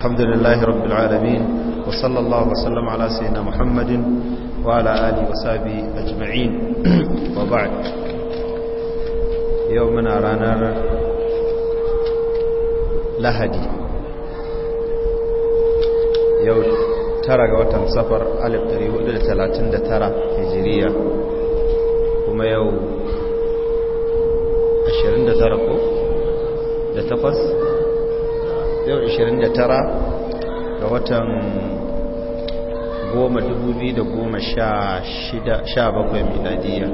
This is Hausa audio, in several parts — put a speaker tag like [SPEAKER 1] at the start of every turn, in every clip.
[SPEAKER 1] الحمد لله رب العالمين وصلى الله وسلم على سيدنا محمد وعلى آله وصحبه أجمعين وبعد يومنا رانا لهدي يوم ترى وتن سفر ألف تريه إلى ثلاثين ترى هجرية وما يوم عشرين ترى da yau 29 ga watan 10,2017 miladiya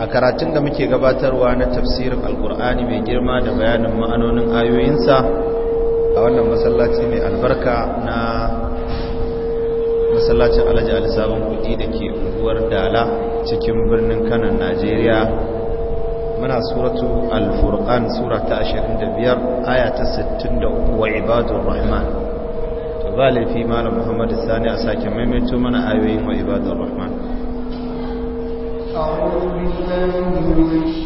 [SPEAKER 1] a karatun da muke gabatarwa na tafsirin alkur'ani mai girma da bayanin ma'anonin ayoyinsa a wannan masallaci mai albarka na masallacin alhaji alisabon kudi da ke unguwar dala cikin birnin kanan najeriya muna suratu alfurkan sura ta 25 aya ta 63 wa ibadur rahman to ba laifi malam muhammad sani a sake maimaito mana ayoyin wa ibadur rahman
[SPEAKER 2] a'udhu billahi minash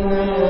[SPEAKER 2] إنما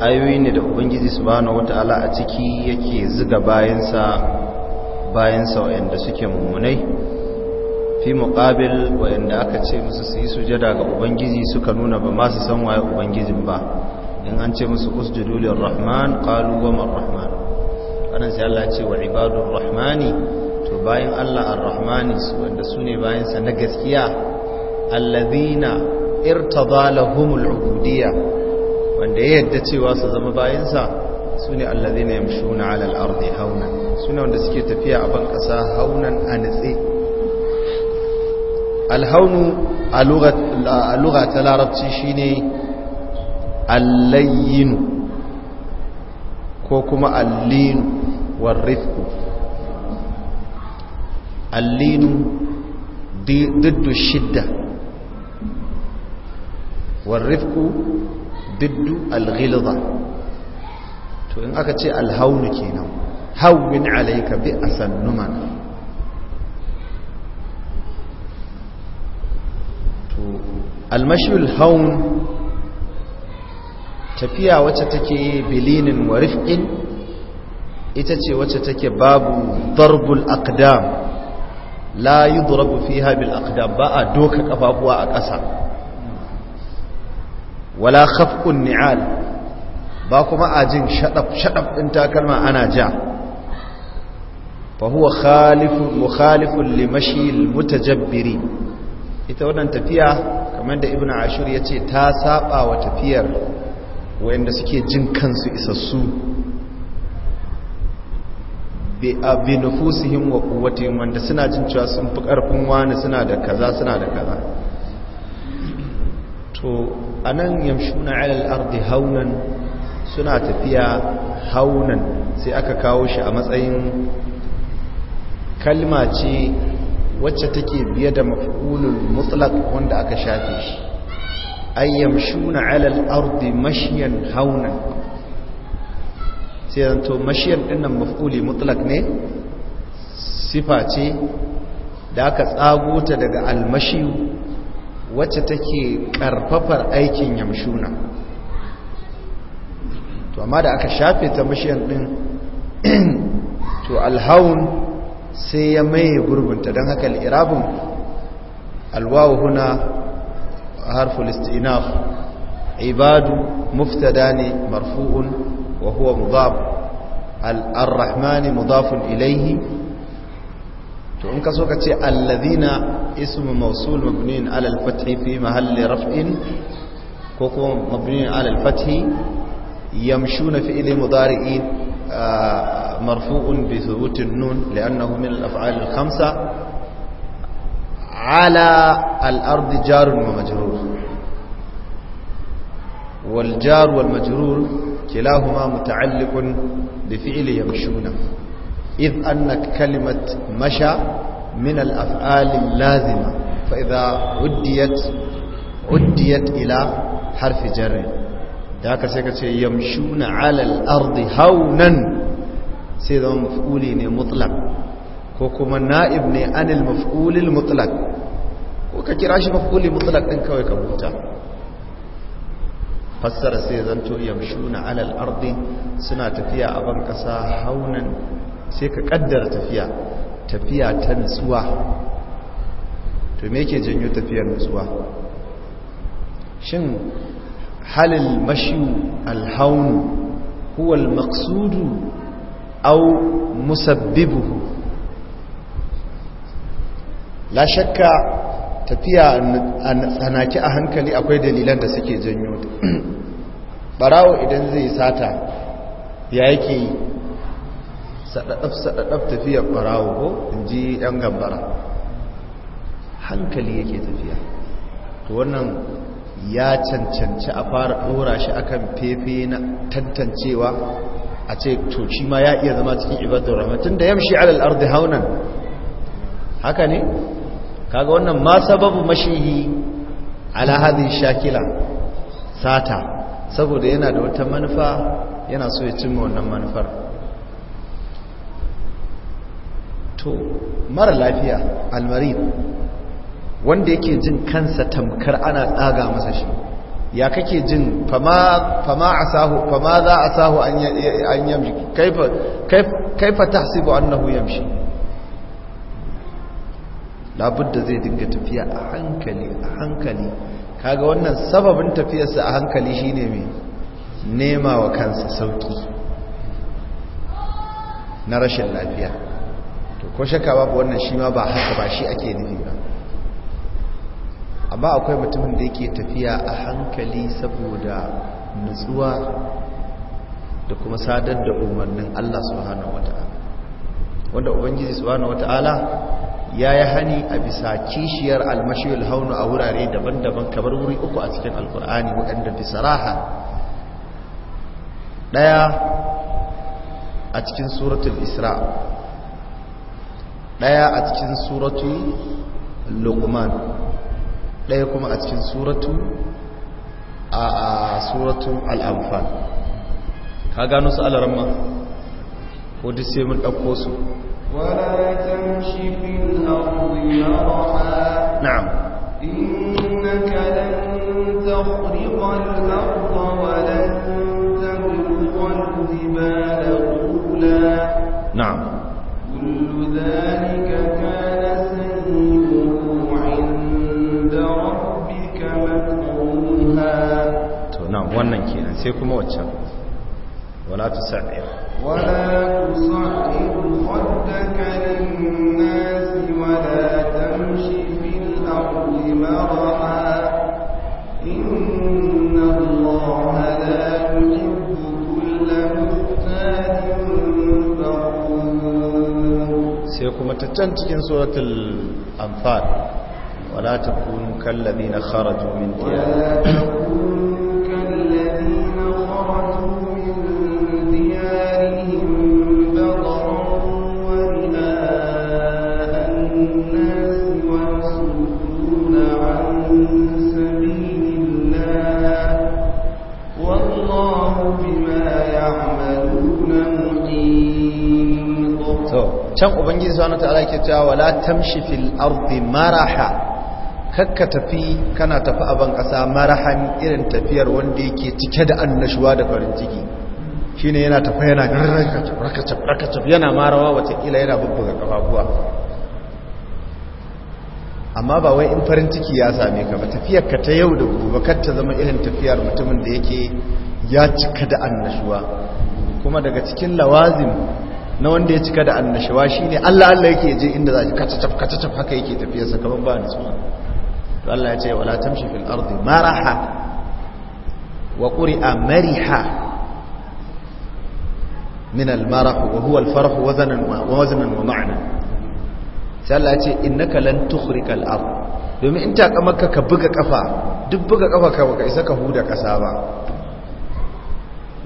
[SPEAKER 1] ayoyi ne da ubangiji subhanahu wataala a ciki yake ziga bayansa bayansa wanda suke mummunai fi muqabil wanda aka ce musu su yi sujada ga ubangiji suka nuna ba ma su san waye ubangijin ba in an ce musu usjudu lirrahman qalu wa marrahman anan sai Allah ya ce wa ibadur rahmani to bayan Allah ar-rahmani wanda sune bayansa na gaskiya alladhina irtada lahumul ubudiyya wanda ya yadda cewa su zama bayansa su ne allazi na yamshu na alal ardi haunan suna wanda suke tafiya a ban ƙasa haunan a nitse alhaunu a lura ta larabci shine allayinu ko kuma allinu warrifku allinu diddu shidda warrifku biddu alghilza to in aka ce alhaunu kenan hawwin alayka bi asannumana to almashul haun tafiya wacce take bilinin wa rifqin ita ce wacce take babu darbul aqdam la yudrabu fiha bil aqdam ba a doka kafafuwa a ƙasa wala khafqun ni'al ba kuma a jin shadab shadab din takalma ana ja fa huwa khalifun mukhalifun limashi almutajabbiri ita wannan tafiya kamar da ibnu ashur yace ta saba wa tafiyar wanda suke jin kansu isassu bi nufusihim wa quwwatihim wanda suna jin cewa sun fi karfin wani suna da kaza suna da kaza to a nan yamshuna alal ardi haunan suna tafiya haunan sai aka kawo shi a matsayin kalma ce wacce take biye da maf'ulul mutlaq wanda aka shafe shi ayyamshuna alal ardi mashyan haunan sai zanto mashyan dinnan maf'uli mutlaq ne sifa ce da aka tsago ta daga almashiyu wacce take karfafar aikin yamshuna to amma da aka shafe ta mashiyan din to alhaun sai ya maye gurbinta don haka al'irabin alwawu huna harful istinaf ibadu muftada ne marfu'un wa huwa mudaf al-rahmani mudafun ilaihi to in ka so ka ce allazina اسم موصول مبني على الفتح في محل رفع كوكو مبني على الفتح يمشون في فعل مضارع آه، مرفوع بثبوت النون لأنه من الأفعال الخمسة على الأرض جار ومجرور والجار والمجرور كلاهما متعلق بفعل يمشون إذ أن كلمة مشى من الأفعال اللازمة فإذا وديت وديت إلى حرف جر ذاك سيكتش يمشون على الأرض هونا سيدا مفعولين مطلق كوكما نائب عن المفعول المطلق وكتراش مفعول مطلق انك ويكبوتا fassara sai zanto yamshuna alal ardi suna tafiya a ban kasa haunan sai ka kaddara tafiya tafiya ta nutsuwa to me ke janyo tafiyar nutsuwa shin halil mashiyu alhaunu huwa almaqsudu aw musabbibuhu la shakka tafiya a tsanaki a hankali akwai dalilan da suke janyo barawo idan zai sata ya yake yi saɗaɗaf tafiyar barawo ko in ji ‘yan gambara hankali yake tafiya to wannan ya cancanci a fara ɗora shi akan fefe na tantancewa a ce to shi ma ya iya zama cikin ibadar rahmatin da yamshi alal ardi haunan haka ne kaga wannan ma sababu mashihi ala hadin shakila sata saboda yana da wata manufa yana so ya cimma wannan manufar to mara lafiya almarin wanda yake jin kansa tamkar ana tsaga masa shi ya kake jin fama asahu fama za sahu an yamshi kaifa kaifa tahsibu annahu yamshi labudda zai dinga tafiya a hankali a hankali kaga wannan sababin tafiyarsa a hankali shine mai nema wa kansa sauki na rashin lafiya to ko shakka babu wannan shi ma ba haka ba shi ake nufi ba amma akwai mutumin da yake tafiya a hankali saboda nutsuwa da kuma sadar da umarnin Allah subhanahu wata'ala wanda ubangiji subhanahu wata'ala ya yi hani a bisa kishiyar almashiyar haunu a wurare daban-daban kamar wuri uku a cikin alkur'ani waɗanda bisa raha ɗaya a cikin suratul isra ɗaya a cikin suratu luqman ɗaya kuma a cikin suratu a suratu al'amfan ka gano su ma ko duk sai mun ɗauko su
[SPEAKER 2] ولا تمشي في الأرض مرحا نعم إنك لن تخرق الأرض ولن تبلغ الجبال طولا Na'am.
[SPEAKER 1] wannan kenan sai kuma waccan wala tusa'ir wala
[SPEAKER 2] tusa'ir khaddaka lin-nas wala tamshi fil ardi marha
[SPEAKER 1] sai kuma ta can cikin suratul anfal wala takunu na kharaju min diyarihim so can ubangiji subhanahu wataala yake cewa wala tamshi fil ardi maraha kakka tafi kana tafi a ban kasa marahan irin tafiyar wanda yake cike da annashuwa da farin ciki shine yana tafi yana rakacin yana marawa wata ila yana bubbuga kafafuwa amma ba wai in farin ciki ya same ka ba tafiyar ka ta yau da gobe kar ta zama irin tafiyar mutumin da yake ya cika da annashuwa kuma daga cikin lawazim na wanda ya cika da annashawa shine Allah Allah yake je inda za ka kacacaf kacacaf haka yake tafiya sakamakon ba nutsuwa to Allah ya ce wala tamshi fil ardi maraha wa quri'a mariha min al marah wa huwa al farah wazanan wa wazanan wa ma'na sai Allah ya ce innaka lan tukhrika al ard domin in ta kamaka ka buga kafa duk buga kafa ka isa ka huda kasa ba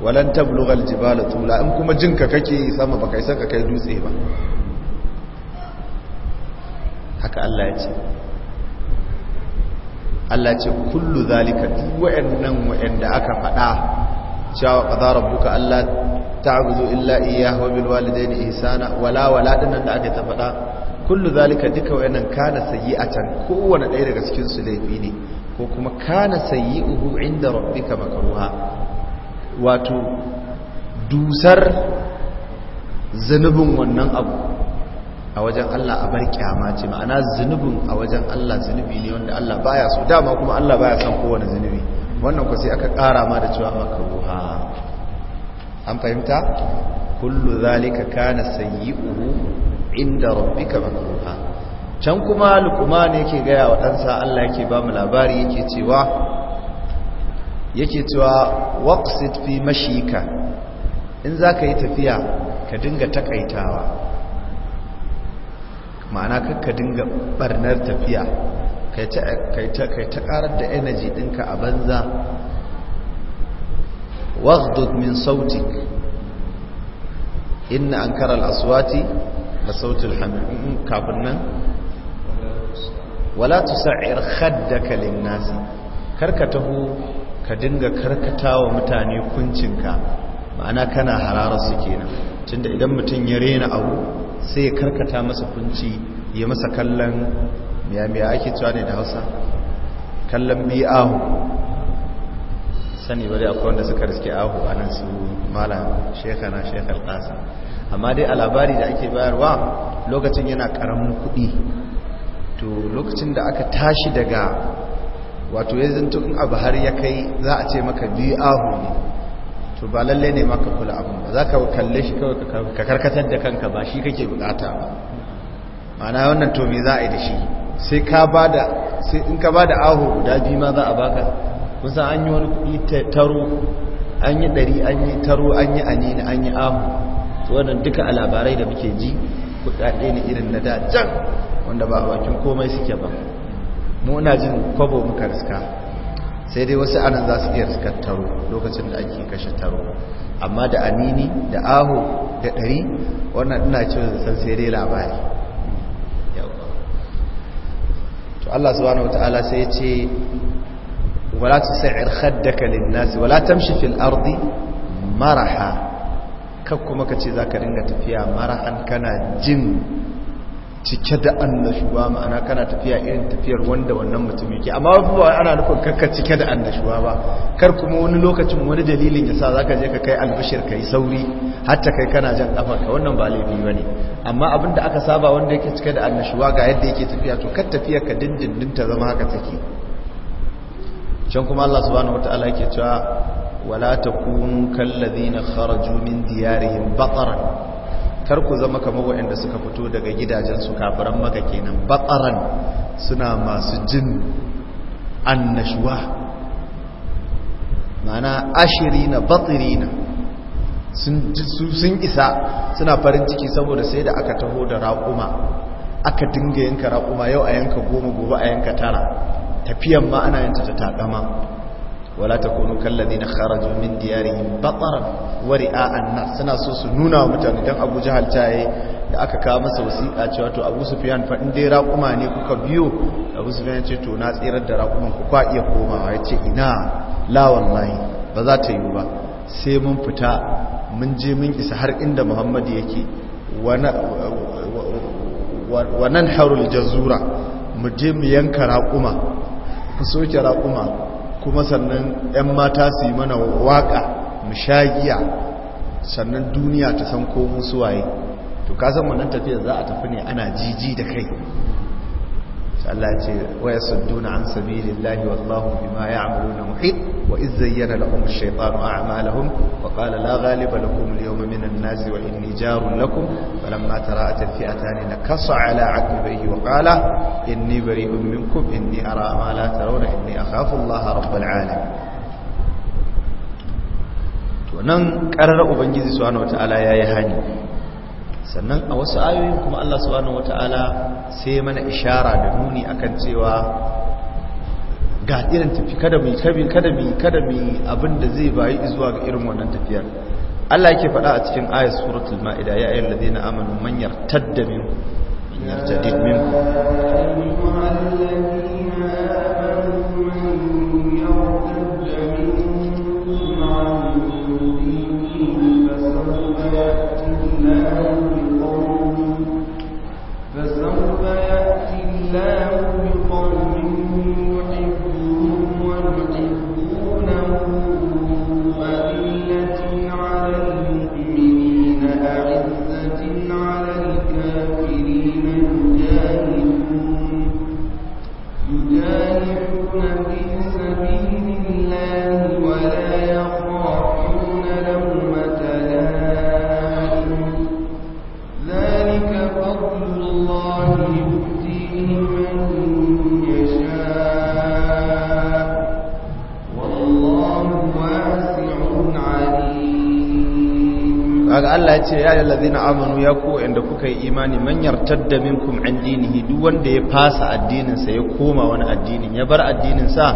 [SPEAKER 1] walan tablughal jibala tula in kuma jinka kake sama baka isa ka kai dutse ba haka Allah ya ce Allah ya ce kullu zalika duk wa'annan wa'anda aka faɗa cewa qadara rabbuka alla ta'budu illa iyyahu wa bil walidayni ihsana wala wala dinnan da aka ta faɗa kullu zalika duka wa'annan kana sayyi'atan kowanne ɗaya daga cikin su laifi ne ko kuma kana sayyi'uhu inda rabbika makruha wato dusar zunubin wannan abu a wajen Allah a bar kyama ce ma'ana zunubin a wajen Allah zunubi ne wanda Allah baya so dama kuma Allah baya son kowane zunubi wannan ku sai aka ƙara ma da cewa makruha an fahimta kullu zalika kana sayyi'uhu inda rabbika makruha can kuma ne yake gaya wa ɗansa Allah yake ba mu labari yake cewa yake cewa waqsid fi mashika in zaka yi tafiya ka dinga takaitawa ma'ana ka dinga barnar tafiya kai ta kai karar da energy dinka a banza waghdud min sautik inna ankara al-aswati da sautin hamim kafin nan wala tusa'ir khaddaka lin-nas karka tahu ka dinga karkata wa mutane kuncinka ma'ana kana harararsu kenan tunda idan mutum ya rena abu sai ya karkata masa kunci ya masa kallon miyamiya ake cewa ne da hausa kallon bi ahu sani bari akwai wanda suka riske ahu a nan su malam shekana shekar ƙasa amma dai a labari da ake bayarwa lokacin yana ƙaramin kuɗi to lokacin da aka tashi daga wato ya zinto in abu har ya kai za a ce maka biyu ahu ne to ba lalle ne maka kula abu ba za ka kalle shi kawai ka karkatar da kanka ba shi kake bukata ba mana wannan to me za a yi da shi sai ka ba da sai in ka ba da ahu guda biyu ma za a baka kusa an yi wani kuɗi taro an yi ɗari an yi taro an yi anini an yi ahu to wannan duka a labarai da muke ji kuɗaɗe ne irin na da jan, wanda ba a bakin komai suke ba muna jin kwabo muka riska sai dai wasu anan za su iya riskar taro lokacin da ake kashe taro amma da amini da aho da ɗari wannan ina ce san sai dai labari to Allah subhanahu wataala sai ya ce wala tusa'ir khaddaka lin-nas wala tamshi fil ardi maraha kak kuma kace zaka dinga tafiya marahan kana jin cike da annashuwa ma'ana kana tafiya irin tafiyar wanda wannan mutum yake amma ba ana nufin kakka cike da annashuwa ba kar kuma wani lokacin wani dalilin za zaka je ka kai albashir kai sauri hatta kai kana jan kafarka wannan ba laifi ne. amma abin da aka saba wanda yake cike da annashuwa ga yadda yake tafiya to kar tafiya ka dindindin ta zama haka take can kuma Allah subhanahu wataala yake cewa wala takunu kallazina kharaju min diyarihim bataran kar ku zama kamar waɗanda suka fito daga gidajensu kafiran maka kenan batsaran suna masu jin annashuwa mana ashiri na batsiri na sun isa suna farin ciki saboda sai da aka taho da raƙuma aka dinga yanka raƙuma yau a yanka goma gobe a yanka tara tafiyan ma ana yanta ta taɗama wala تكونوا كالذين خرجوا من ديارهم بطرا wa الناس nas suna so su nuna wa mutane dan Abu da aka kawo masa wasiƙa cewa to Abu Sufyan fa in dai raƙuma ne kuka biyo Abu Sufyan ce to na tsirar da raƙuman ku kwa iya komawa ce ina la wallahi ba za ta yi ba sai mun fita mun je mun isa har inda Muhammad yake wa nan harul jazura mu je mu yanka raƙuma ku soke raƙuma kuma sannan 'yan mata su yi mana waka giya sannan duniya ta san ko musuwaye to kasan wannan tafiya za a tafi ne ana jiji da kai Allah ya ce wa yasudduna an sabilillahi wallahu bima ya'maluna muhit wa iz zayyana lahum ash-shaytanu a'malahum wa qala la ghaliba lakum al-yawma minan nasi wa inni jarun lakum falamma tara'at al-fi'atani nakasa ala 'aqibihi wa qala inni bari'un minkum inni ara ma la tarawna inni akhafu Allah rabbal 'alamin to nan qarar ubangiji subhanahu ya yayi hani sannan a wasu ayoyin kuma Allah subhanahu wata'ala sai mana ishara da nuni akan cewa ga irin tafi kada mu kabi kada mu kada mu abinda zai bayi zuwa ga irin wannan tafiyar Allah yake faɗa a cikin ayat suratul maida ya ladai ladina amanu man yartadda minkum yarjadid minkum
[SPEAKER 2] will be
[SPEAKER 1] ce ya na amanu ya ko inda kuka yi imani manyar yartadda minkum an duk wanda ya fasa addininsa ya koma wani addinin ya bar addininsa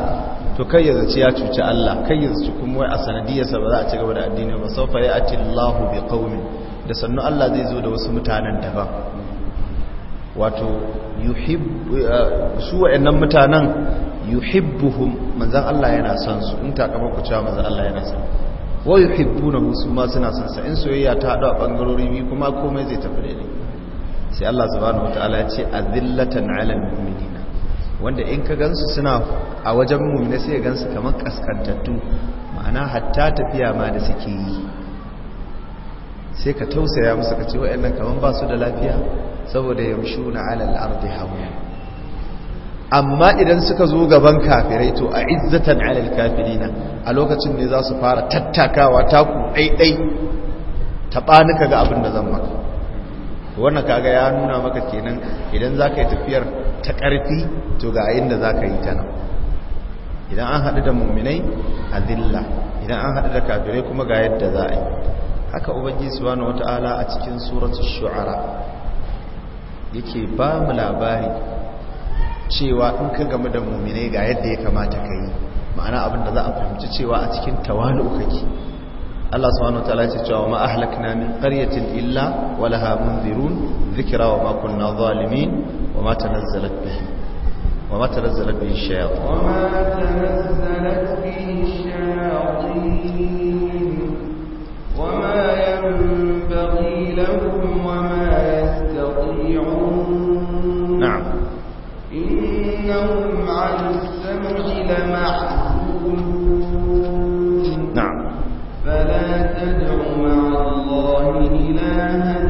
[SPEAKER 1] to kai ya zaci ya cuci Allah kai ya zaci kuma wai a sanadiyarsa ba za a ci gaba da addini ba a ya'ti Allahu bi qaumin da sannu Allah zai zo da wasu mutanen daban wato yuhib eh, su wa'annan mutanen yuhibbuhum manzon Allah yana sansu in ta kama ku cewa manzon Allah yana son wa na su suna son in soyayya ta hadu a bangarori biyu kuma komai zai tafi daidai sai Allah subhanahu wataala ya ce azillatan 'alal mu'minina wanda in ka gansu suna a wajen mu'mina sai ya gansu kamar kaskantattu ma'ana hatta tafiya ma da suke yi sai ka tausaya musu ka ce wa'annan kaman ba su da lafiya saboda yamshuna 'alal ardi hawa amma idan suka zo gaban kafirai to a izzatan alal kafirina a lokacin ne za su fara tattakawa taku ɗaiɗai ɓanuka ga abin da zan maka wannan kaga ya nuna maka kenan idan za ka yi tafiyar ta ƙarfi to ga inda za ka yi ta nan idan an haɗu da mummunai a zilla idan an haɗu da kafirai kuma ga yadda za a yi haka ubangiji subhanahu wata'ala a cikin suratu shu'ara yake ba mu labari cewa in ka gamu da mummunai ga yadda ya kamata ka yi ma'ana abin da za a fahimci cewa a cikin tawalu kake Allah subhanahu wataala ya ce cewa ma ahlakna min qaryatin illa wa laha munzirun dhikra wa ma kunna zalimin wa ma tanazzalat bihi wa ma tanazzalat bihi shayatin wa ma
[SPEAKER 2] tanazzalat bihi shayatin wa ma yanbaghi lahum wa ma yastati'un na'am innahum 'an as-sam'i lamahjubun تدعو مع الله إلها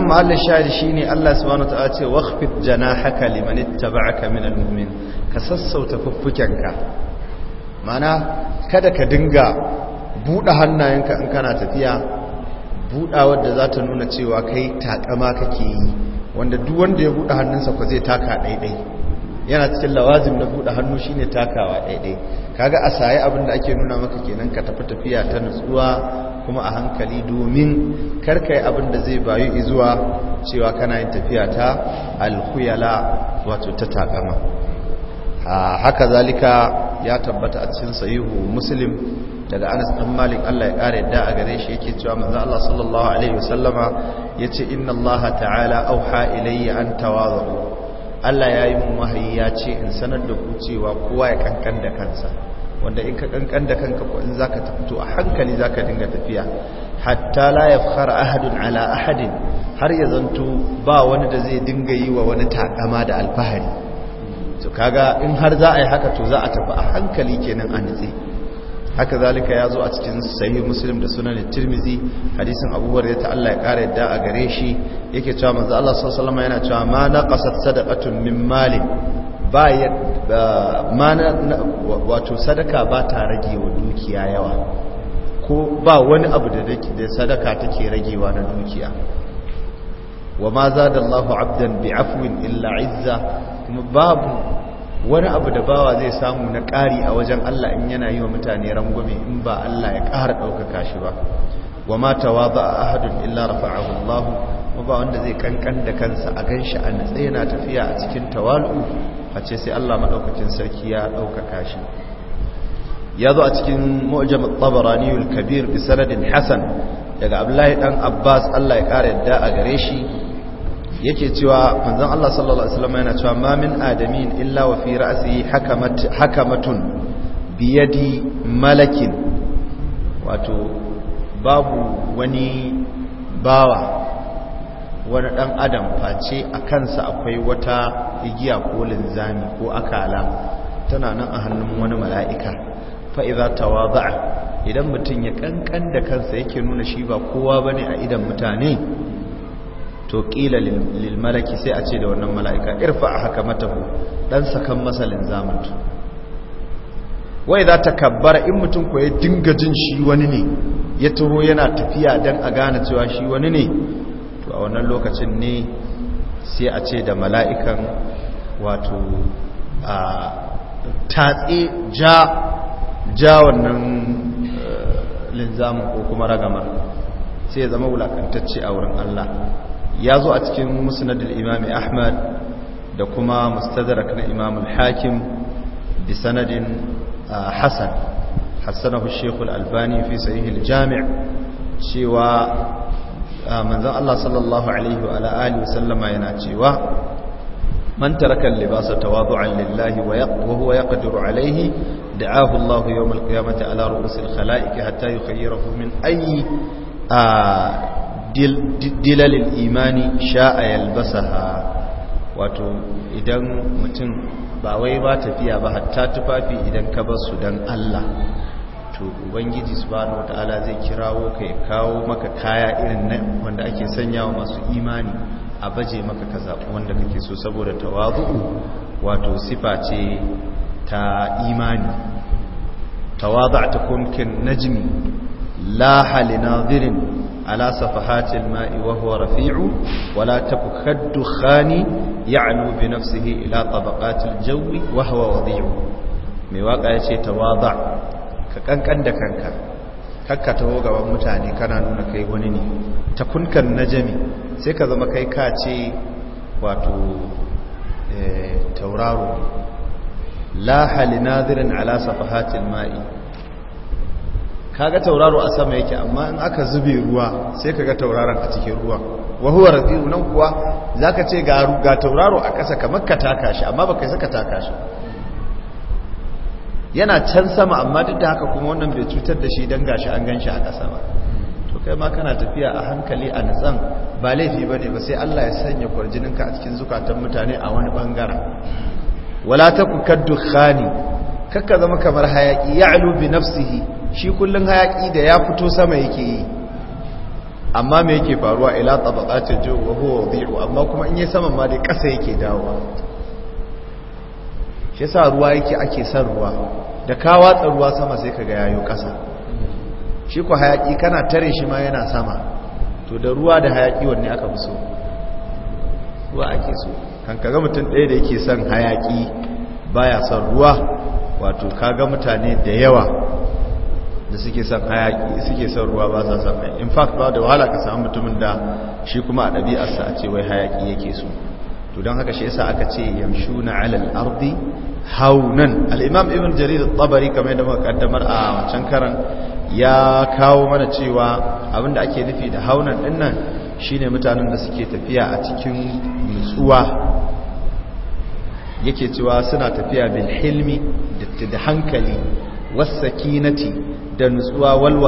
[SPEAKER 1] anan mahallin shi ne Allah wani ta'a ce jana wakhfid janahaka liman min al mu'min ka sassauta fuffukenka mana kada ka dinga buɗe hannayenka in kana tafiya buɗawa da za ta nuna cewa kai takama kake yi wanda duk wanda ya buɗe hannunsa ko zai taka ɗaiɗai yana cikin lawazim na buɗe hannu shine takawa ɗaiɗai kaga a saye abin da ake nuna maka kenan ka tafi tafiya ta nutsuwa kuma a hankali domin karka yi abin da zai bayu izuwa cewa kana yin tafiya ta alkuyala wato ta takama haka zalika ya tabbata a cikin sayihu muslim daga anas ɗan malik Allah ya ƙara da a gare shi yake cewa Maza Allah sallallahu alaihi wasallama ce, inna Allaha ta'ala auha ilayya an tawadu Allah ya yi mun wahayi ya ce in sanar da ku kowa ya kankan da kansa wanda in ka kankan da kanka ko in zaka fito a hankali zaka dinga tafiya hatta la yafkhar ahadun ala ahadin har ya zanto ba wani da zai dinga yi wa wani takama da alfahari to kaga in har za a yi haka to za a tafi a hankali kenan a nitsi haka zalika ya zo a cikin sahih muslim da sunan tirmizi hadisin abubuwar da ta Allah ya kara yadda a gare shi yake cewa manzo Allah sallallahu alaihi wasallam yana cewa ma naqasat sadaqatun min malin ba wato sadaka ba ta rage wa dukiya yawa ko ba wani abu da sadaka take ragewa na dukiya wa ma allahu abdan bi afwin illa izza kuma babu wani abu da bawa zai samu na ƙari a wajen Allah in yana yi wa mutane rangwame in ba Allah ya ƙara ɗaukaka shi ba wa ma ta a ahadun illa rafa'ahu Allah ba wanda zai kankan da kansa a ganshi a natsaye na tafiya a cikin tawalu face sai Allah madaukakin sarki ya daukaka shi ya zo a cikin mu'jam at-tabarani al-kabir bi sanadin hasan daga abdullahi dan abbas Allah ya kare yadda a gare shi yake cewa manzon Allah sallallahu alaihi wasallam yana cewa ma min adamin illa wa fi ra'sihi hakamatun bi yadi malakin wato babu wani bawa wani ɗan adam face a kansa akwai wata igiya ko linzami ko akala tana nan a hannun wani mala'ika fa'iza tawa ba'a idan mutum ya ƙanƙan da kansa yake nuna shi ba kowa ba ne a idan mutane to ƙila lilmalaki sai a ce da wannan mala'ika irfa a haka matafi ɗan sakan masa linzamintu wai za ta kabbara in mutum ko ya dinga jin shi wani ne ya turo yana tafiya don a gane cewa shi wani ne to a wannan lokacin ne sai a ce da mala'ikan wato a tatse ja ja wannan eh, linzamin ko kuma ragamar sai ya zama wulakantacce a wurin Allah ya zo a cikin musnadul imami ahmad da kuma mustadrak na imamul hakim bi sanadin hasan hassanahu al albani fi sahihul jami' cewa manzon Allah sallallahu alaihi wa alihi sallama yana cewa man taraka al-libasa tawadu'an lillahi wa huwa yaqdiru alaihi da'ahu Allah yawm al-qiyamati ala ru'usil khalaiq hatta yukhayyirahu min ayyi dilal al-imani sha'a yalbasaha wato idan mutum ba wai ba tafiya ba hatta tufafi idan ka bar su dan Allah to ubangiji subhanahu wataala zai kirawo ka ya kawo maka kaya irin nan wanda ake sanyawa masu imani a baje maka kaza wanda kake so saboda tawazu'u wato sifa ce ta imani ta takun kin najmi la nadirin ala safahatil ma'i wa huwa rafi'u wa la takhaddu khani ya'nu bi nafsihi ila tabaqatil jawi wa huwa wadi'u mai waka yace tawazu' ka kankan da kanka kakka taho gaban mutane kana nuna kai wani ne ta kunkan na jami sai ka zama kai ka ce wato eh, tauraro la hali nadirin ala safahatil ma'i ga tauraro a sama yake amma in aka zube ruwa sai kaga tauraron a cikin ruwa wa rafi'u nan kuwa zaka ce ga tauraro a ƙasa kamar ka taka shi amma baka saka taka shi yana can sama amma duk da haka kuma wannan bai cutar da shi don gashi an ganshi a ƙasa ba to kai ma kana tafiya a hankali a nutsan ba laifi ba ne ba sai Allah ya sanya kwarjininka a cikin zukatan mutane a wani bangaren wala ta kaddu khani, kakka zama kamar hayaƙi ya alubi nafsihi shi kullum hayaƙi da ya fito sama yake yi amma me yake faruwa ila tabaqatin jo wa huwa wadi'u amma kuma in yi saman ma dai ƙasa yake dawowa shi yasa ruwa yake ake san ruwa da ka watsa ruwa sama sai ka ga yayo ƙasa shi ko hayaki kana tare shi ma yana sama to da ruwa da hayaki wanne aka fi so ruwa ake so kan kaga mutum ɗaya da yake son hayaki baya son ruwa wato kaga mutane da yawa da suke son hayaki suke son ruwa ba sa son in fact ba da wahala ka samu mutumin da shi kuma a ɗabi'arsa a ce wai hayaki yake so to don haka shi yasa aka ce yamshuna al ardi haunan al-imam ibn jarir at-tabari kamar da muka kaddamar a wancan karan ya kawo mana cewa abinda ake nufi da haunan dinnan shine mutanen da suke tafiya a cikin nutsuwa yake cewa suna tafiya bil hilmi da hankali was sakinati da nutsuwa wal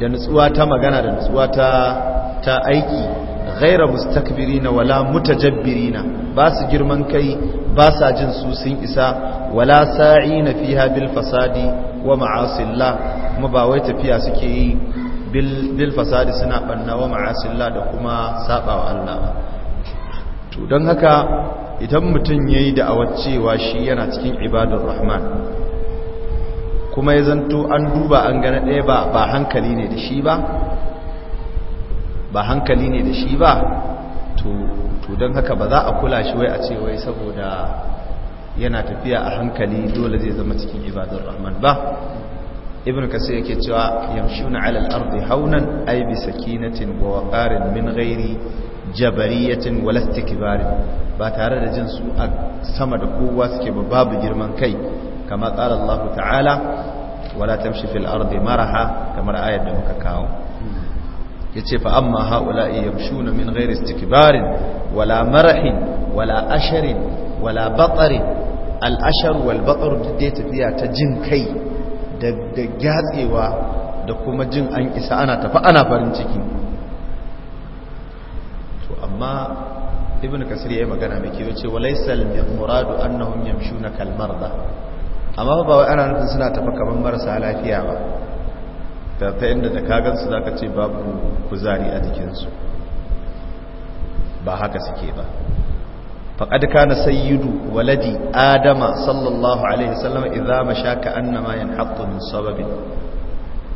[SPEAKER 1] da nutsuwa ta magana da nutsuwa ta aiki ghaira mustakbirina wala mutajabbirina ba su girman kai ba sa jin su sun isa wala sa'ina fiha bil fasadi wa ma'asillah kuma ba wai tafiya suke yi bil fasadi suna banna wa ma'asillah da kuma sabawa Allah to don haka idan mutum yayi da'awar cewa shi yana cikin ibadar rahman kuma ya zanto an duba an gane ɗaya ba ba hankali ne da shi ba ba hankali ne da shi ba to don haka ba za a kula shi wai a ce wai saboda yana tafiya a hankali dole zai zama cikin ibadun rahman ba ibn kasir yake cewa yamshuna ala al-ardi haunan ay bi sakinatin wa waqarin min ghairi jabariyatin walastik istikbar ba tare da jin su a sama da kowa suke ba babu girman kai kama qala allahu ta'ala wala tamshi fil ardi maraha kamar ayar da muka kawo yace fa amma haula yamshuna min ghairi istikbarin wala marahin wala asharin wala batari al-ashar da tafiya ta jin kai da gyatsewa da kuma jin an isa ana tafi ana farin ciki to amma ibn kasir yi magana mai kiyo ce walaysal muradu annahum yamshuna kalmar marda amma ba wai ana nufin suna tafi kamar marasa lafiya ba ta ta inda da kagan za zaka ce babu kuzari a jikinsu ba haka suke ba faƙad kana sayyidu waladi adama sallallahu alaihi wasallam idza mashaka annama yanhattu min sababin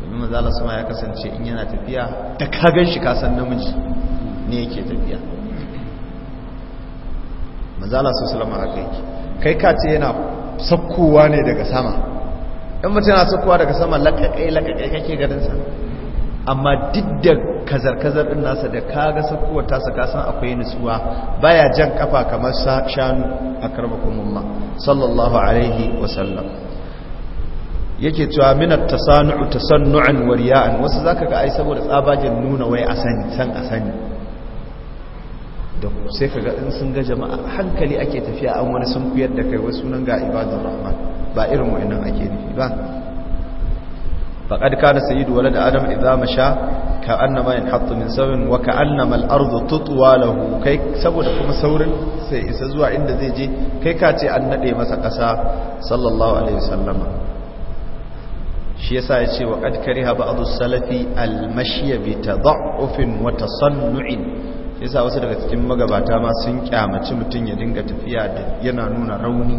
[SPEAKER 1] domin manzo Allah sama ya kasance in yana tafiya da ka gan shi ka san namiji ne yake tafiya manzo su sallama haka yake kai ka ce yana sakkowa ne daga sama in mutum yana sakkowa daga sama lakakai lakakai kake ganin sa amma duk da kazar-kazar ɗin nasa da kaga sakowar tasa kasan akwai nutsuwa baya jan kafa kamar shanu a karbakunumma sallallahu alaihi wasallam yake cewa minat tasanu'u tasannu'an wa riya'an wasu zaka ga ai saboda tsabajin nuna wai a sani san a sani da sai kaga in sun ga jama'a hankali ake tafiya an wani sun kuyar da kai wasu nan ga ibadur rahman ba irin wa'annan ake nufi ba faqad kana sayyidu da adam idza sha ka annama yanhattu min sawin wa ka annama al-ardu tutwa lahu kai saboda kuma saurin sai isa zuwa inda zai je kai ka ce an nade masa ƙasa sallallahu alaihi wasallama shi yasa ya ce wa qad kariha salafi al-mashya bi tad'ufin wa tasannu'in yasa wasu daga cikin magabata ma sun kyamaci mutum ya dinga tafiya da yana nuna rauni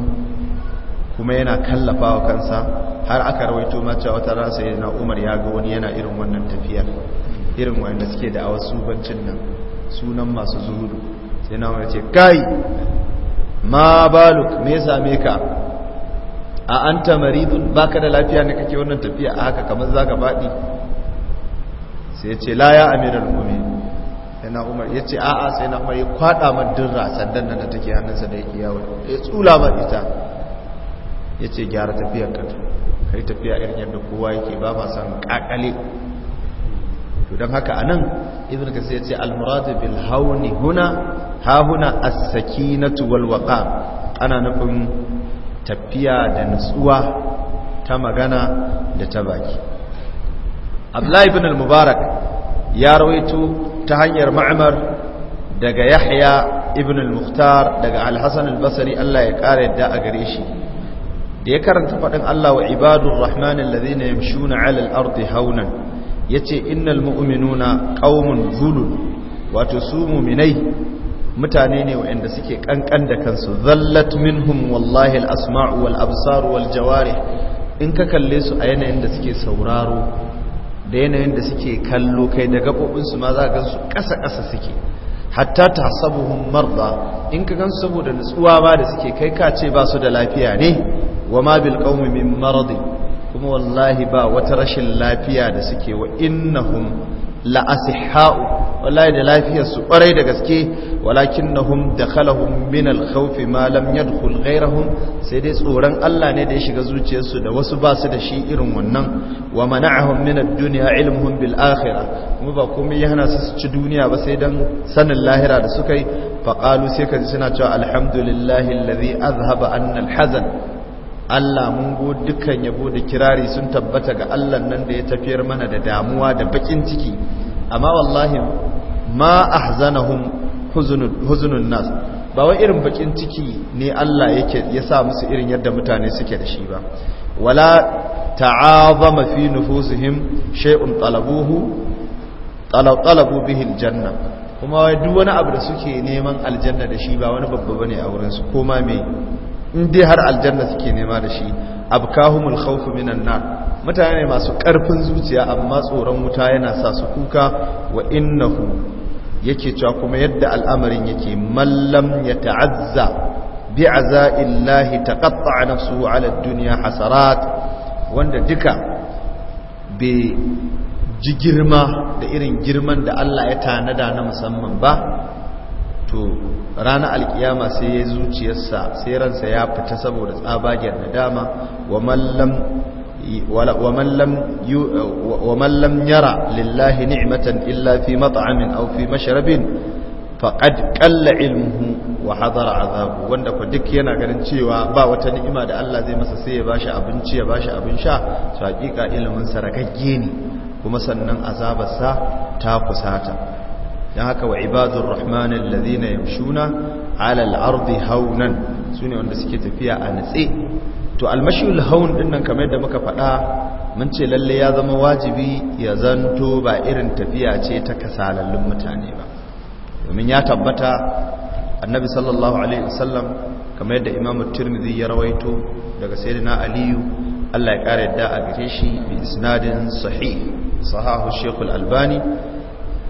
[SPEAKER 1] kuma yana kallafa wa kansa har aka rawaito mace wata ran sai na Umar ya ga wani yana irin wannan tafiyar irin wanda suke da awa subancin nan sunan masu zuhudu sai na Umar ce kai ma baluk me same ka a an anta maridun ka da lafiya ne kake wannan tafiya a haka kamar za ka fadi sai ya ce la ya amiral mu'minin yana umar ya ce a'a sai na umar ya kwada man dirra sandan nan da take hannunsa da yake yawo ya tsula ba ita ya ce gyara tafiyar ka kai tafiya irin yadda kowa yake ba ma san kakale don haka anan ibn kasir ya ce almuradu bil hauni huna ha huna as-sakinatu wal waqa ana nufin tafiya da nutsuwa ta magana da ta baki abdullahi ibn al-mubarak ya rawaito ta hanyar ma'mar daga yahya ibn al-mukhtar daga al-hasan al-basri Allah ya kare yadda a gare shi da ya karanta faɗin Allah wa ibadun rahmanin lazina ya shuna alal ardi haunan ya ce innal mu'minuna ƙaumin zulun wato su muminai mutane ne waɗanda suke ƙanƙan da kansu zallat minhum wallahi al'asma'u wal'absaru waljawari in ka kalle su a yanayin da suke sauraro da yanayin da suke kallo kai da gaɓoɓinsu ma za a gansu ƙasa-ƙasa suke hatta ta sabuhun marda in ka gansu saboda nutsuwa ba da suke kai ka ce ba su da lafiya ne wa ma bil qaumi min marad kuma wallahi ba wata rashin lafiya da suke wa innahum la asihha'u wallahi da lafiyar su kwarai da gaske walakinnahum dakhalahum min al khawf ma lam yadkhul ghayrahum sai dai tsoron Allah ne da ya shiga zuciyarsu da wasu ba su da shi irin wannan wa mana'ahum min ad dunya ilmuhum bil akhirah kuma ba komai ya hana su su ci duniya ba sai dan sanin lahira da suka yi faqalu sai ji suna cewa alhamdulillahi alladhi azhaba anna al hazan Allah mun go dukkan yabo da kirari sun tabbata ga Allah nan da ya tafiyar mana da damuwa da bakin ciki amma wallahi ma ahzanahum huzunun nas ba wai irin bakin ciki ne Allah yake ya sa musu irin yadda mutane suke da shi ba wala ta'azama fi nufusihim shay'un talabuhu talabu bihi aljanna kuma wai duk wani abu da suke neman aljanna da shi ba wani babba bane a wurin su koma mai. in dai har aljanna suke nema da shi abkahumul khawfu minan nar mutane masu karfin zuciya amma tsoron wuta yana sa su kuka wa innahu yake cewa kuma yadda al'amarin yake mallam ya ta'azza bi azaillahi taqatta'a nafsuhu 'ala ad-dunya hasarat wanda duka bai ji girma da irin girman da Allah ya tanada na musamman ba to ranar alkiyama sai ya zuciyarsa sai ransa ya fita saboda tsabagen nadama wa mallam yara lillahi ni'matan illa fi mat'amin aw fi mashrabin faqad qalla ilmuhu wa hadara azabu wanda ku duk yana ganin cewa ba wata ni'ima da Allah zai masa sai ya bashi abinci ya bashi abin sha to hakika ilimin sa ragagge ne kuma sannan azabarsa ta kusata don haka wa ibadun rahmanin lalzina shuna alal ardi haunan su ne wanda suke tafiya a natse to almashiyul haun dinnan kamar yadda muka faɗa mun ce lalle ya zama wajibi ya zanto ba irin tafiya ce ta kasalallun mutane ba domin ya tabbata annabi sallallahu alaihi wasallam kamar yadda imam tirmidhi ya rawaito daga sayyidina aliyu Allah ya kare yadda a gare shi bi isnadin sahih sahahu shekul albani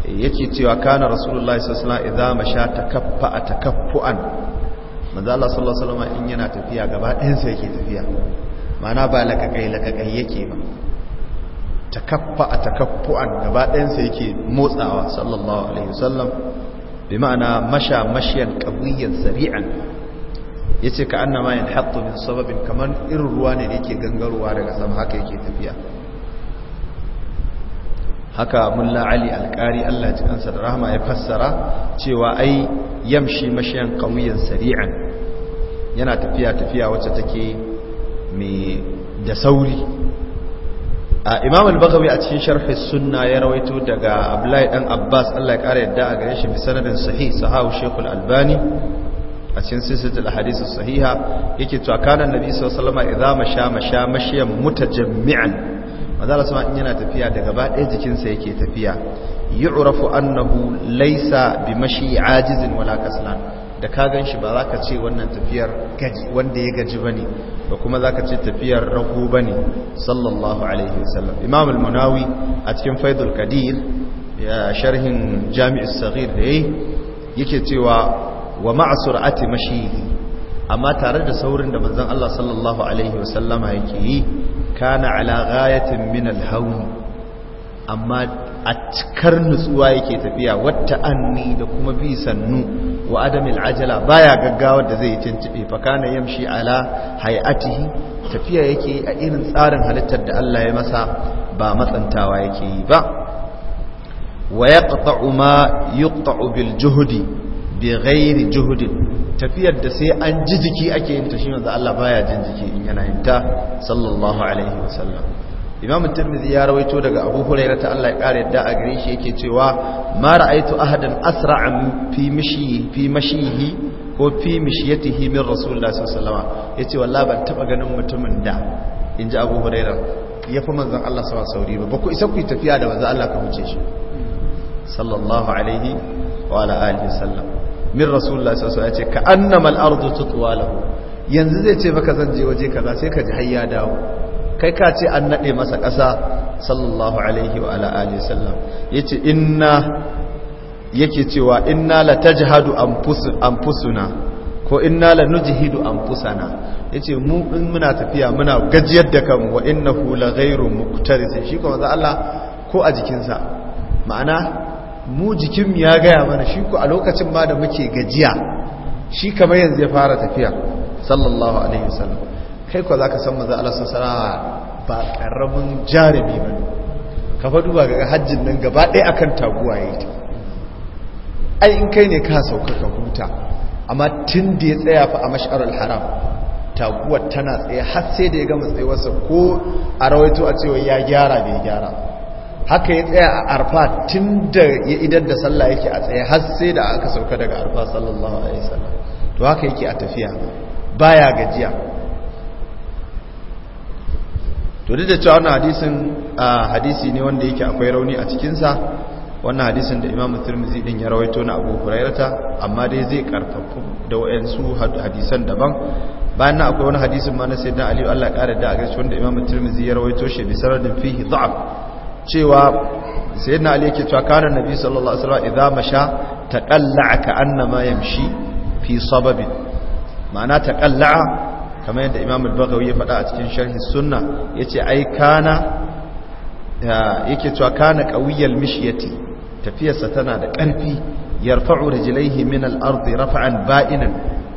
[SPEAKER 1] yake cewa kana rasulullahi sallallahu alaihi wasallam idza takaffa a takaffuan manzo Allah sallallahu alaihi wasallam in yana tafiya gaba ɗayan sa yake tafiya ma'ana ba lakakai lakakai yake ba takaffa a takaffuan gaba ɗayan sa yake motsawa sallallahu alaihi wasallam bi ma'ana masha mashyan qawiyan sari'an yace ka annama yanhattu min sababin kaman irin ruwa ne da yake gangarowa daga sama haka yake tafiya haka mulla ali alkari Allah ji kansa da rahama ya fassara cewa ai yamshi mashiyan qawiyan sari'an yana tafiya tafiya wacce take mai da sauri a imam al-baghawi a cikin sharh sunna ya rawaito daga abdullahi ɗan abbas Allah ya ƙara yadda a gare shi bi sanadin sahih sahahu shaykh albani a cikin silsilar al-hadith sahiha yake cewa kana annabi sallallahu alaihi wasallam idza masha masha mashiyan mutajammi'an manzala sama in yana tafiya da gaba ɗaya jikinsa yake tafiya yu'rafu annahu laysa bimashi ajizin wala kaslan da ka gan shi ba za ka ce wannan tafiyar wanda ya gaji ba ne ba kuma za ka ce tafiyar rahu ba ne sallallahu alaihi wasallam imam al-munawi a cikin faidul kadir ya sharhin jami'is saghir da yayi yake cewa wa ma'a sur'ati mashihi amma tare da saurin da manzon Allah sallallahu alaihi wasallama yake yi kana ala ghayatin min alhawn amma a cikar nutsuwa yake tafiya wata anni da kuma bi sannu wa adamil ajala baya gaggawa da zai cincibe fa kana yamshi ala hay'atihi tafiya yake a irin tsarin halittar da Allah ya masa ba matsantawa yake yi ba wa yaqta'u ma yuqta'u bil juhdi bi ghairi juhudin tafiyar da sai an ji jiki ake yin ta shi manzo Allah baya jin jiki in yana yin ta sallallahu alaihi wasallam Imam Tirmidhi ya rawaito daga Abu Hurairah ta Allah ya kare yadda a gare shi yake cewa ma ra'aitu ahadan asra'a fi mishi fi mashihi ko fi mishiyatihi min rasulullah sallallahu alaihi wasallam yace wallahi ban taba ganin mutumin da inji Abu Hurairah yafi manzon Allah sawa sauri ba ku isa ku tafiya da manzon Allah ka huce shi sallallahu alaihi wa ala alihi wasallam min rasulullah sallallahu alaihi wasallam ya ce ka annama al-ardu tutwa lahu yanzu zai ce baka zan je waje kaza sai ka ji har ya dawo kai ka ce an nade masa ƙasa sallallahu alaihi wa ala alihi sallam yace inna yake cewa inna la tajhadu anfusuna ko inna la nujhidu anfusana yace mu in muna tafiya muna gajiyar da kanmu wa innahu la ghairu muqtaris shi ko za Allah ko a jikinsa ma'ana mu jikinmu ya gaya mana shi ku a lokacin ma da muke gajiya shi kamar yanzu ya fara tafiya sallallahu alaihi wasallam kai ko zaka san manzo Allah sallallahu ba karamin jarumi ba ka fa duba ga hajjin nan gaba ɗaya akan taguwa yayi ta ai in kai ne ka sauka ka huta amma tun da ya tsaya fa a mash'arul haram taguwar tana tsaye har sai da ya gama tsayuwarsa ko a rawaito a cewa ya gyara bai gyara haka ya tsaya a arfa tun da ya idar da sallah yake a tsaye har sai da aka sauka daga arfa sallallahu alaihi wasallam to haka yake a tafiya baya gajiya to duk da cewa wannan hadisin hadisi ne wanda yake akwai rauni a cikinsa wannan hadisin da imamu tirmizi din ya rawaito na abu hurairata amma dai zai karfafu da wayansu hadisan daban bayan na akwai wani hadisin ma na sayyidina ali Allah ya kare da a gaske wanda imamu tirmizi ya rawaito shi bi sanadin fihi dha'f cewa sayyidina ali yake cewa kana nabi sallallahu alaihi wasallam idza masha taqalla'a ka annama yamshi fi sababin ma'ana taqalla'a kamar yadda imam al ya faɗa a cikin sharhi sunna yace ai kana yake cewa kana qawiyal mishyati tafiyarsa tana da ƙarfi yarfa'u rijlaihi min al-ardi raf'an ba'inan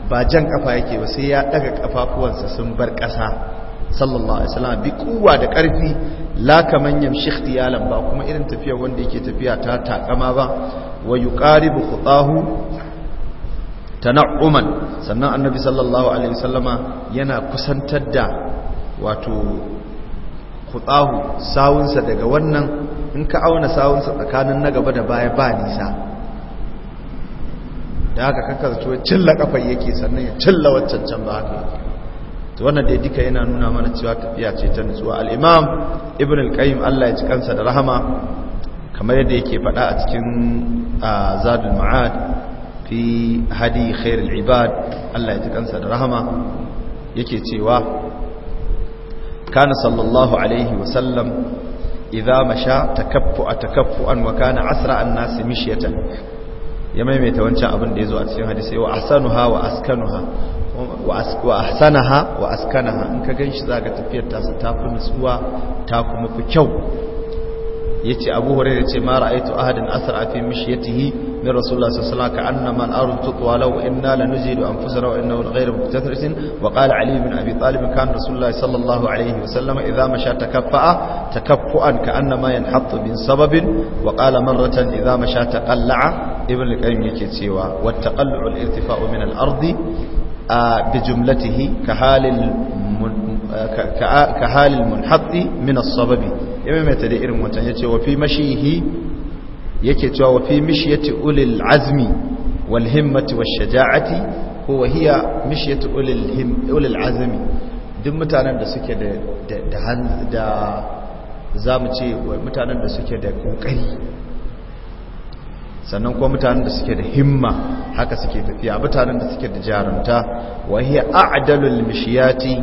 [SPEAKER 1] ba jan kafa yake ba sai ya daga kafafuwansa sun bar ƙasa sallallahu alaihi wasallam bi kuwa da karfi la kaman yamshi ikhtiyalan ba kuma irin tafiya wanda yake tafiya ta takama ba wa yuqaribu khutahu tanaquman sannan annabi sallallahu alaihi wasallama yana kusantar da wato khutahu sawunsa daga wannan in ka auna sawunsa tsakanin na gaba da baya ba nisa da haka kakar ya cilla kafar yake sannan ya cilla waccan can ba haka to wannan dai duka yana nuna mana cewa tafiya ce ta nutsuwa alimam ibn al-qayyim Allah ya ji kansa da rahama kamar yadda yake faɗa a cikin zadul ma'ad fi hadi khairul ibad Allah ya ji kansa da rahama yake cewa kana sallallahu alaihi wa sallam masha takaffu atakaffu an wa kana asra an-nas mishiyatan ya maimaita wancan abin da ya zo a cikin hadisi wa ahsanuha wa askanuha wa ahsanaha wa askanaha in ka ganshi za ka tafiyar ta ta fi nutsuwa ta kuma fi kyau yace Abu Hurairah ce ma ra'aytu ahadan asra fi mishyatihi min Rasulullah sallallahu alaihi wasallam ka'annama al-ardu tutwala wa inna lanuzidu anfusana wa innahu ghayru muqtasirin wa qala Ali ibn Abi Talib kan Rasulullah sallallahu alaihi wasallam idha masha takaffa'a takaffuan ka'annama yanhattu bin sababin wa qala marratan idha masha taqalla'a ibn al-qayyim yake cewa wattaqallu al-irtifa'u min al-ardi bi jumlatihi ka halil munhatti min as-sabab ibn mata da irin wannan yace wa fi mashihi yake cewa wa fi mishyati ulil azmi wal himmati wash shaja'ati huwa hiya mishyati ulil him ulil azmi duk mutanen da suke da da da zamu ce mutanen da suke da kokari sannan kuma mutanen da suke da himma haka suke tafiya mutanen da suke da jarumta wa hiya a'dalul mishiyati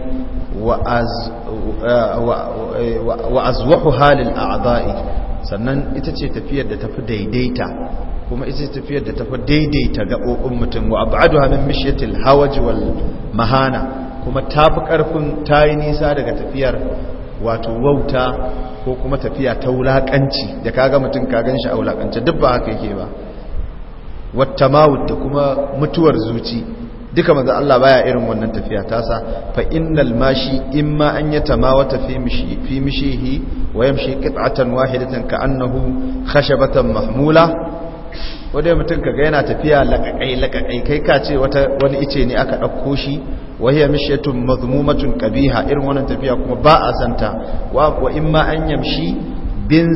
[SPEAKER 1] wa az wa azwahu halil a'dha'i sannan ita ce tafiyar da tafi daidaita kuma ita ce tafiyar da tafi daidaita gabobin mutum wa ab'aduha min mishyatil hawaj wal mahana kuma tafi karfin tayi nisa daga tafiyar wato wauta ko kuma tafiya ta wulakanci da kaga mutum ka ganshi a wulakance duk ba haka yake ba wata da kuma mutuwar zuci duka maza Allah baya irin wannan tafiya tasa fa innal mashi ma an yatamawata fi mishi fi mishihi wa yamshi qit'atan wahidatan ka'annahu khashabatan mahmula wanda mutum kaga yana tafiya lakakai lakakai kai ka ce wata wani ice ne aka ɗauko shi wahiya mishyatun mazmumatun kabiha irin wannan tafiya kuma ba a santa wa in ma an yamshi bin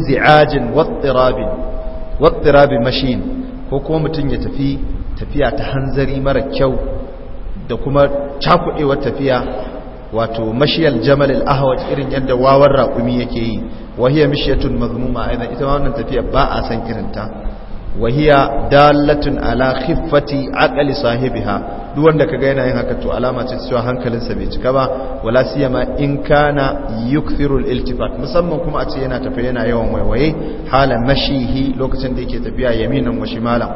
[SPEAKER 1] mashin ko kuma mutum ya tafi tafiya ta hanzari mara kyau da kuma cakuɗewar tafiya wato mashiyal jamal al-ahwaj irin yadda wawan raƙumi yake yi wahiya mishyatun mazmuma aidan ita wannan tafiya ba a san irin wahiya dalatun ala khiffati aqli ha duk wanda kaga yana yin haka to alama ce cewa hankalinsa bai cika ba wala siyama in kana yukthirul iltifat musamman kuma a ce yana tafe yana yawan waiwaye halan mashihi lokacin da yake tafiya yaminan wa shimala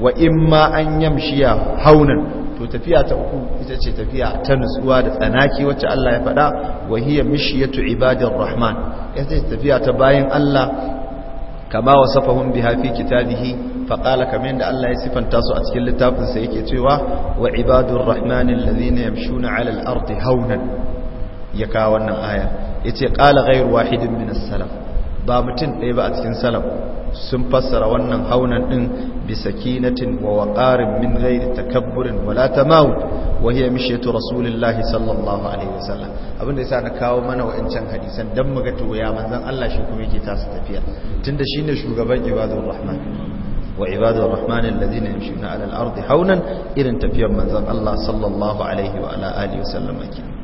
[SPEAKER 1] wa imma an yamshiya haunan to tafiya ta uku ita ce tafiya ta nutsuwa da tsanaki wacce Allah ya faɗa wa hiya mishiyatu ibadir rahman ita ce tafiya ta bayin Allah kama wasafahum biha fi kitabihi qala kamar da Allah ya sifanta su a cikin littafinsa yake cewa wa ibadur rahmani alladhina yamshuna ala al-ardi hawnan ya wannan aya yace qala ghayr wahidin min as-salaf ba mutum ɗaya ba a cikin salaf sun fassara wannan haunan ɗin bisa kinatin wa waqarin min ghairi takabburin wala ta tamawud wa hiya mishiyatu rasulillahi sallallahu alaihi wasallam abinda sa na kawo mana wa'ancan hadisan dan muga to ya manzon Allah shi kuma yake tasa tafiya tunda ne shugaban ibadur rahman wa ibadur rahman alladhina yamshuna ala al-ardi haunan irin tafiyar manzon Allah sallallahu alaihi wa ala alihi wasallam kenan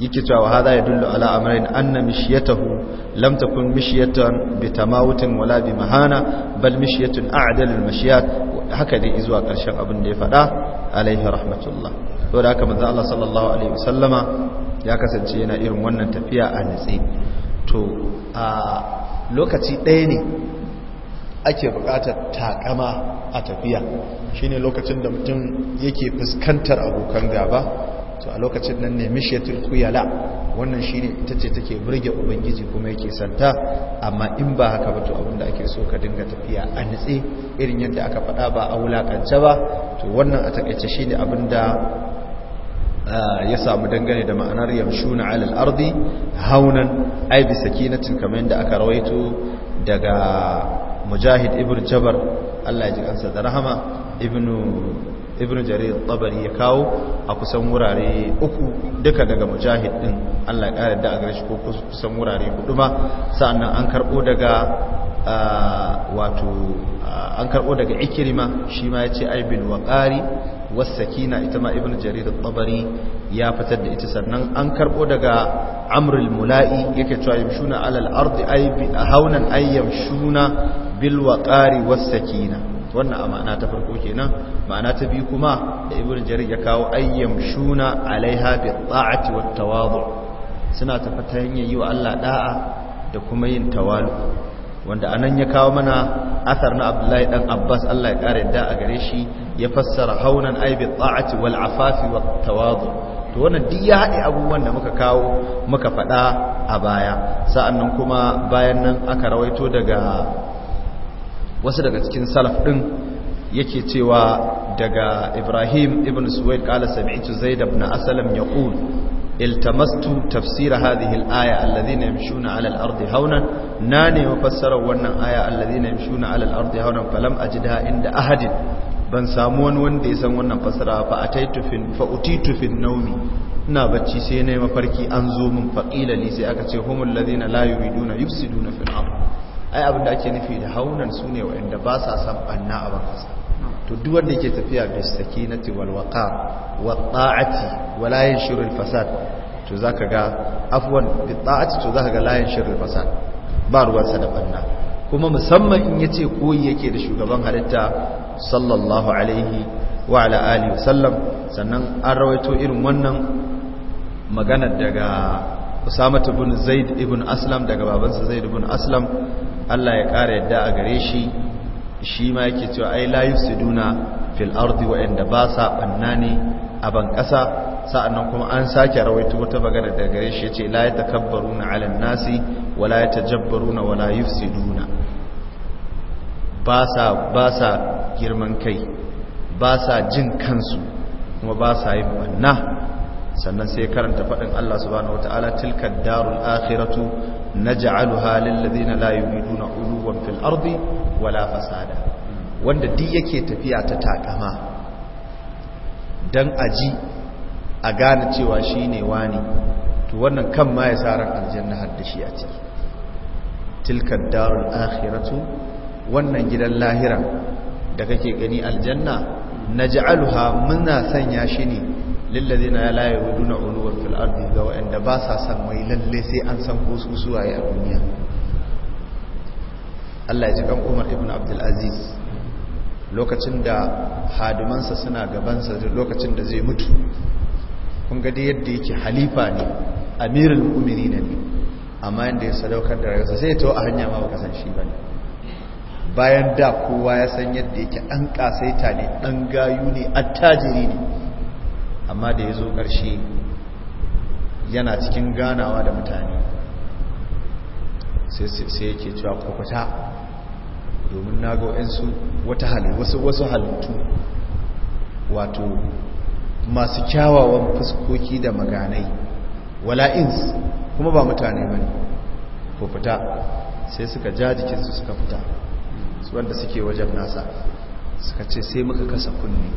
[SPEAKER 1] yake cewa hada ya dullu ala amrin anna mishyatahu lam takun mishyatan bi tamawutin wala bi mahana bal mishyatun a'dal al mashiyat haka dai zuwa karshen abin da ya fada alaihi rahmatullah to da haka manzo Allah sallallahu alaihi wasallama ya kasance yana irin wannan tafiya a nitsi to a lokaci ɗaya ne ake buƙatar takama a tafiya shine lokacin da mutum yake fuskantar abokan gaba to a lokacin nan ne mishiyatul kuyala wannan ne ita ce take burge ubangiji kuma yake santa amma in ba haka ba to abinda ake so ka dinga tafiya a nitse irin yadda aka faɗa ba a wulakance ba to wannan a takaice shine abinda ah, ya samu dangane da ma'anar yamshuna alal ardi haunan ai bi sakinatin kamar yadda aka rawaito daga mujahid ibn jabar Allah ya ji kansa da rahama ibnu ibn jarir tabari ya kawo a kusan wurare uku duka daga mujahid din Allah ya kare da a ko kusan wurare hudu ma sa'annan an karbo daga wato an karbo daga ikrima shi ma yace ay bil waqari was sakina ita ma ibn jarir tabari ya fitar da ita sannan an karbo daga amr al mulai yake cewa yamshuna ala al ardi ay bi haunan ay yamshuna bil waqari was sakina wannan amana ta farko kenan ma'ana ta biyu kuma da ibnu jarir ya kawo ayyam shuna alaiha bi ta'ati wat tawadu suna tafi ta hanyar yi wa Allah da'a da kuma yin tawalu wanda anan ya kawo mana athar na Abdullahi dan Abbas Allah ya kare da a gare shi ya fassara haunan ay bi ta'ati wal afafi wat tawadu to wannan duk ya haɗe abubuwan da muka kawo muka faɗa a baya sa'annan kuma bayan nan aka rawaito daga wasu daga cikin salaf ɗin yake cewa daga Ibrahim ibn Suwaid qala sami'tu Zaid ibn Aslam yaqul iltamastu tafsira hadhihi al-aya alladhina yamshuna 'ala al-ardi hawnan nane mafassara wannan aya alladhina yamshuna 'ala al-ardi hawnan falam ajidha inda ahadin ban samu wani wanda ya san wannan fassara fa ataitu tufin fa utitu tufin nawmi ina bacci sai yi mafarki an zo min faqila li sai aka ce humul ladina la yuriduna yufsiduna fil ai abin da ake nufi da haunan su ne wa'anda ba sa san banna a bakasa to duk wanda yake tafiya bi sakinati wal waqa wa ta'ati wa la shirin al fasad to zaka ga afwan bi ta'ati to zaka ga la shirin al fasad ba ruwan sa da banna kuma musamman in yace koyi yake da shugaban halitta sallallahu alaihi wa ala alihi sallam sannan an rawaito irin wannan maganar daga usama ibn zaid ibn aslam daga babansa zaid ibn aslam Allah ya kare yadda a gare shi shi ma yake cewa ai la yusiduna fil ardi wa inda ba sa banna ni a ban ƙasa sa'annan kuma an sake rawaito wata magana daga gare shi yace la yatakabbaruna 'ala nasi wa la yatajabbaruna wa la yufsiduna ba sa ba sa girman kai ba sa jin kansu kuma ba sa yin banna sannan sai karanta faɗin Allah subhanahu wataala tilka darul akhiratu naj'aluha lil ladina la yuriduna uluwan fil ardi wala fasada wanda duk yake tafiya ta takama dan aji a gane cewa shine wani to wannan kan ma ya aljanna har da shi a ciki tilka darul akhiratu wannan gidan lahira da kake gani aljanna naj'aluha muna sanya shi ne lillazina la yuriduna ulwa fil ardi ga wanda ba sa san mai lalle sai an san ko su waye a duniya Allah ya ji kan Umar ibn Abdul Aziz lokacin da sa suna gabansa lokacin da zai mutu kun ga dai yadda yake halifa ne amirul mu'minin ne amma yanda ya sadaukar da rayuwarsa sai ya tawo a hanya ma baka san shi bane bayan da kowa ya san yadda yake dan kasaita ne dan gayu ne attajiri ne amma da ya zo ƙarshe yana cikin ganawa da mutane sai yake cewa kwakwata domin na ga waɗansu wata hali wasu wasu halittu wato masu kyawawan fuskoki da maganai wala'ins kuma ba mutane ba ne kwakwata sai suka ja jikinsu suka fita wanda suke wajen nasa suka ce sai muka kasa kunne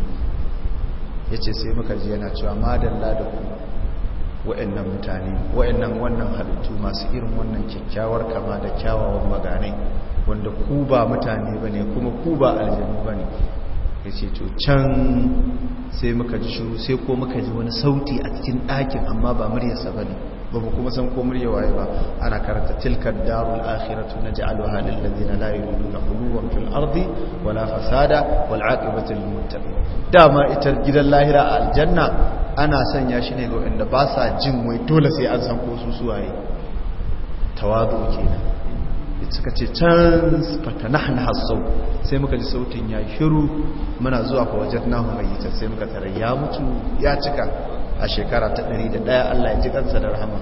[SPEAKER 1] ya ce sai muka ji yana cewa madalla da ku wa'annan mutane wa'annan wannan halittu masu irin wannan kyakkyawar kama da kyawawan maganai wanda ku ba mutane ba ne kuma ku ba aljanu ba ne ya ce to can sai muka ji shuru sai ko muka ji wani sauti a cikin ɗakin amma ba muryarsa ba ne ba mu kuma san ko murya waye ba ana karanta tilkar darul akhiratu naj'aluha lil ladina la yuriduna khuluwan fil ardi wala fasada wal aqibatu lil muttaqin dama ita gidan lahira a aljanna ana sanya shi ne ga inda ba sa jin wai dole sai an san ko su suwaye tawadu kenan suka ce can fatanahna hasau sai muka ji sautin ya shiru muna zuwa fa wajadnahu mayyitan sai muka tarar ya mutu ya cika a shekara ta ɗari da ɗaya Allah ya ji kansa da rahama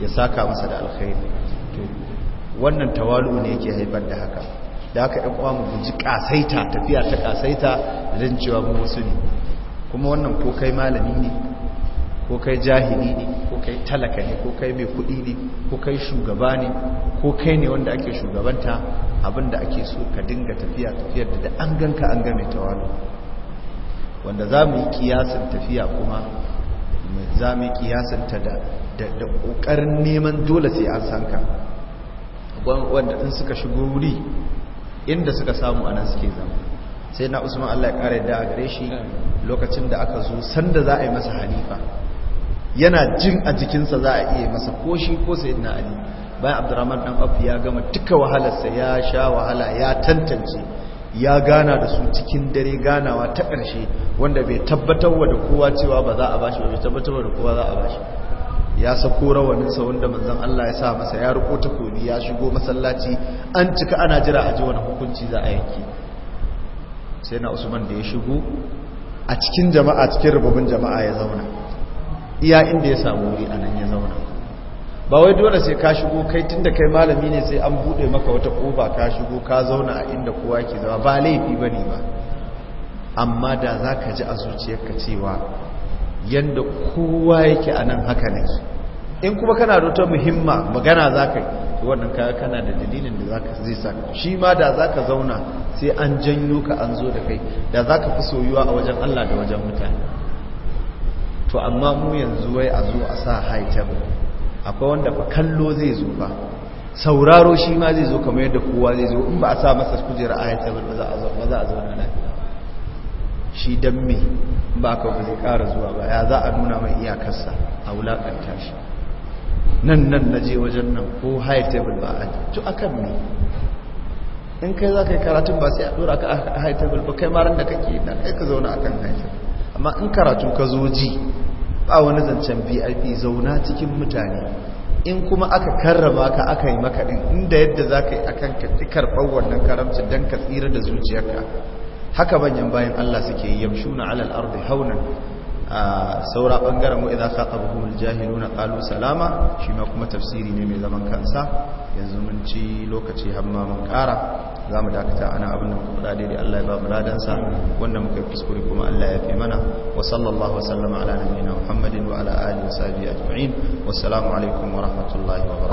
[SPEAKER 1] ya saka masa da alkhairi wannan tawalu ne yake haifar da haka da haka ɗan ƙwamu mu ji ƙasaita tafiya ta ƙasaita, da zan cewa mu wasu ne kuma wannan ko kai malami ne ko kai jahili ne ko kai talaka ne ko kai mai kuɗi ne ko kai shugaba ne ko kai ne wanda ake shugabanta abin abinda ake so ka dinga tafiya tafiyar da an ganka an ga mai tawalu wanda za mu yi kiyasin tafiya kuma za mu kiyasanta da da neman dole sai an san ka wanda in suka shigo wuri inda suka samu nan suke zama sai na usman Allah ya kare da a gare shi lokacin da aka zo sanda za a yi masa halifa yana jin a jikinsa za a iya masa ko shi ko sayyidina ali bayan abdurrahman dan abu ya gama duka wahalarsa ya sha wahala ya tantance ya gana da su cikin dare ganawa ta ƙarshe wanda bai tabbatar wa da kowa cewa ba za a ba shi, bashi bai tabbatar wa da kowa za a shi. ya sako rawaninsa wanda manzon Allah ya sa masa ya riko takobi ya shigo masallaci an cika ana jira a ji wani hukunci za a yanke sai na Usman da ya shigo a cikin jama'a cikin rububin jama'a ya zauna iya inda ya samu wuri anan ya zauna ba wai dole sai ka shigo kai tunda kai malami ne sai an bude maka wata kofa ka shigo ka zauna a inda kowa ke zama ba laifi bane ba amma da zaka ji a zuciyarka cewa yanda kowa yake anan haka ne in kuma kana da wata muhimma magana zaka yi wannan kaga kana da dalilin da zaka zai sa shi ma da zaka zauna sai an janyo ka an zo da kai da zaka fi soyuwa a wajen Allah da wajen mutane to amma mu yanzu wai a zo a sa high table akwai wanda fa kallo zai zo ba sauraro shi ma zai zo kamar yadda kowa zai zo in ba a sa masa kujera a yata ba za a zo na lafiya shi dan me ba ka ba zai kara zuwa ba ya za a nuna mai iyakarsa a wulakanta shi nan nan na je wajen nan ko high table ba a to akan me in kai za ka yi karatun ba sai a ɗora ka a high table ba kai maran da kake na kai ka zauna akan high table amma in karatu ka zo ji ba wani zancen vip zauna cikin mutane in kuma aka karrama ka aka yi maka din inda yadda za ka yi a kan kaɗi karɓar nan karamcin don ka tsira da zuciyarka haka manyan bayan allah suke yamshuna alal ardi haunan a saura bangaren mu idan khatabahum aljahiluna qalu salama shi ma kuma tafsiri ne mai zaman kansa yanzu mun ci lokaci har ma mun kara zamu dakata ana abin da muka fada dai Allah ya ba mu ladan sa wanda muka kuskure kuma Allah ya fi mana wa sallallahu wa sallama ala nabiyyina Muhammadin wa ala alihi wa sahbihi ajma'in wassalamu alaikum wa rahmatullahi wa barakatuh